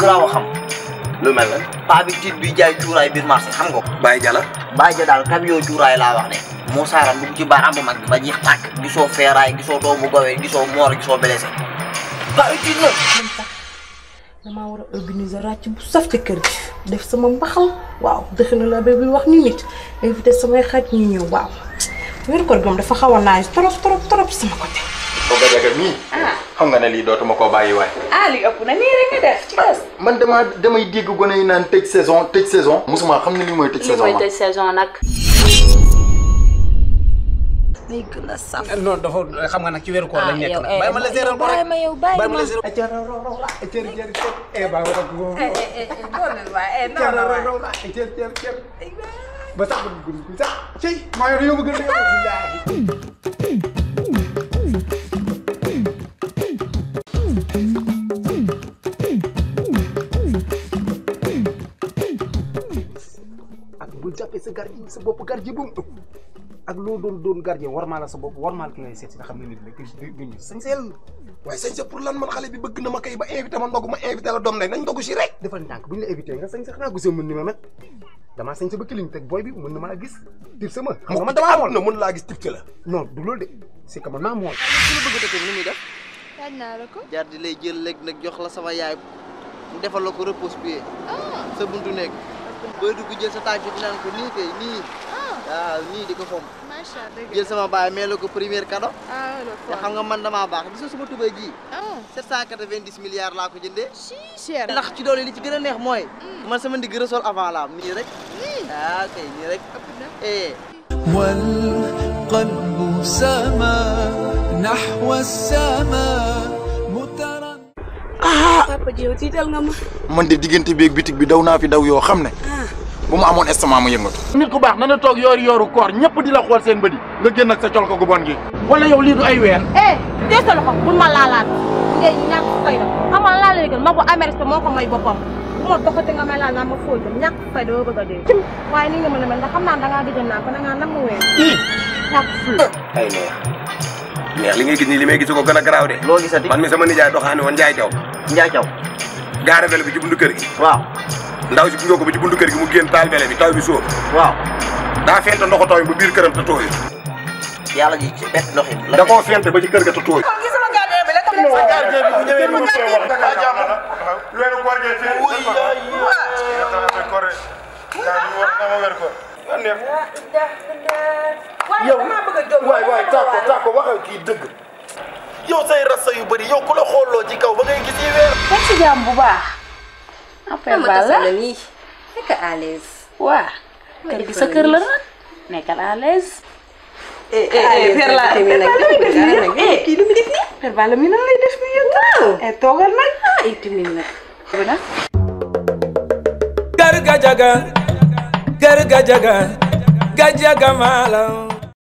garaaw a xam. lu mel ne. paa bi tiit bi jaay cuuraay biir marché xam nga ko. Baye Jalla. Baye daal kam yoo cuuraay laa wax de. moo saaram dugg ci baaraam bu mag bi ba jeex tàkk. gisoo feeraay gisoo doomu gawee gisoo moor gisoo blessé. paa bi tiit na. sax damaa war a organiser ràcc bu saf kër gi. def sama mbaxal waaw dëkk na la bi wax ni nit invité samay xaj ñu ñëw waaw. wér koor gi moom dafa xaw naa naaj trop trop trop sama côté. ko Gadiaga mii. Ah. xam nga ne lii dootuma koo bàyyi waay. ah li ëpp nii rek nga def ah, man damaa damay dégg gone yi naan tëj saison tëj saison. musuma xam ne lii mooy tëj saison lii mooy tëj saison nag. day gën a saf. xam nga nag ci weeru koor lañ ah, nekk nag. Eh, bàyyi la séeral ko rek bàyyi ma yow bàyyi ma. bàyyi ma la séeral eh, ay cër raw raw ay cër cër cër. eh baa ko takku moom. eh eh eh dooleel eh, waay eh non la waay cër raw raw ay cër cër cër. ba sax ba dugg sax. ci maa yor yow a ak bu jàppee sa gardien sa bopp gardien bu mu ëpp ak loo doon doon gardien war maa sa bopp war maa la ki si nga xam ne nit la duñu sañseel waaye sañse pour lan man xale bi bëgg na ma kay ba invité ma ndog ma invité la doom day nañ ndog si rek defal ndànk bu ñu la invité nga sañse xanaa gisoo mën ni ma mel damaa sañse ba kiliñ teg booy bi mën na ma gis tib sama xam nga man damaa amoon na mën laa gis tib ci la non du loolu de c'est que man maa amoon bëgg def ni laaj naa la di lay jël léeg nag jox la sama yaay mu defal ko repose-pied. Ah. sa buntu nekk. booy dugg jël sa tànk di naan ko nii kay nii. Ah. waaw nii di ko fomp. macha allah jël sama baay mee la ko premier cadeau. Ah, te xam nga man damaa baax gis nga sama tubay ji. 790 laa ko jëndee. si cher ci doole li ci gën neex mooy. Hmm. man sama ndigg resol avant la am nii rek. ah kay nii rek. Eh. wal qalbu sama. نحو السماء ah papa Diop tiital nga ma. man de diggante bi ak bitig bi daw naa fi daw yoo xam ne. Ah. bu ma amoon estomac mu yëngatu. nit ku baax na toog yoor yooru koor ñëpp di la xool seen bëri nga génn ak sa col gu bon gi. wala yow lii du ay weer. eh tey sa loxo ma laalaat ngay ñàkk fay la moo ko may boppam bu ma doxate nga may laal ma fóol ba ñàkk fay doo bëgg a dee. waaye ni nga mën a mel ndax xam naa da ngaa gëjoon naa neex li ngay gis nii li may gis ko gën a garaaw de. loo gisati man mi sama nijaay doxaani woon Njaay Jaw. Njaay Jaw. gaare vélo bi ci buntu kër gi. waaw. ndaw si gunge ko ba ci buntu kër gi mu génn taal vélo bi taw bi sóob. waaw. daa fente ndoxu taw yi ba biir këram te tooy. yàlla ji ci bett ndox yi. da koo fente ba ci kër a te tooy. gis neex yow waay waay tàkko tàkko waxal yu bëri yow ku la xooloo ci kaw waa kër gi sa nag nekkal à l'aise per la mi nag eh, eh. Eh, kii lu def mi nan lay toogal nag ah itamit nag gargajaga kër Gajaga Gajaga Malam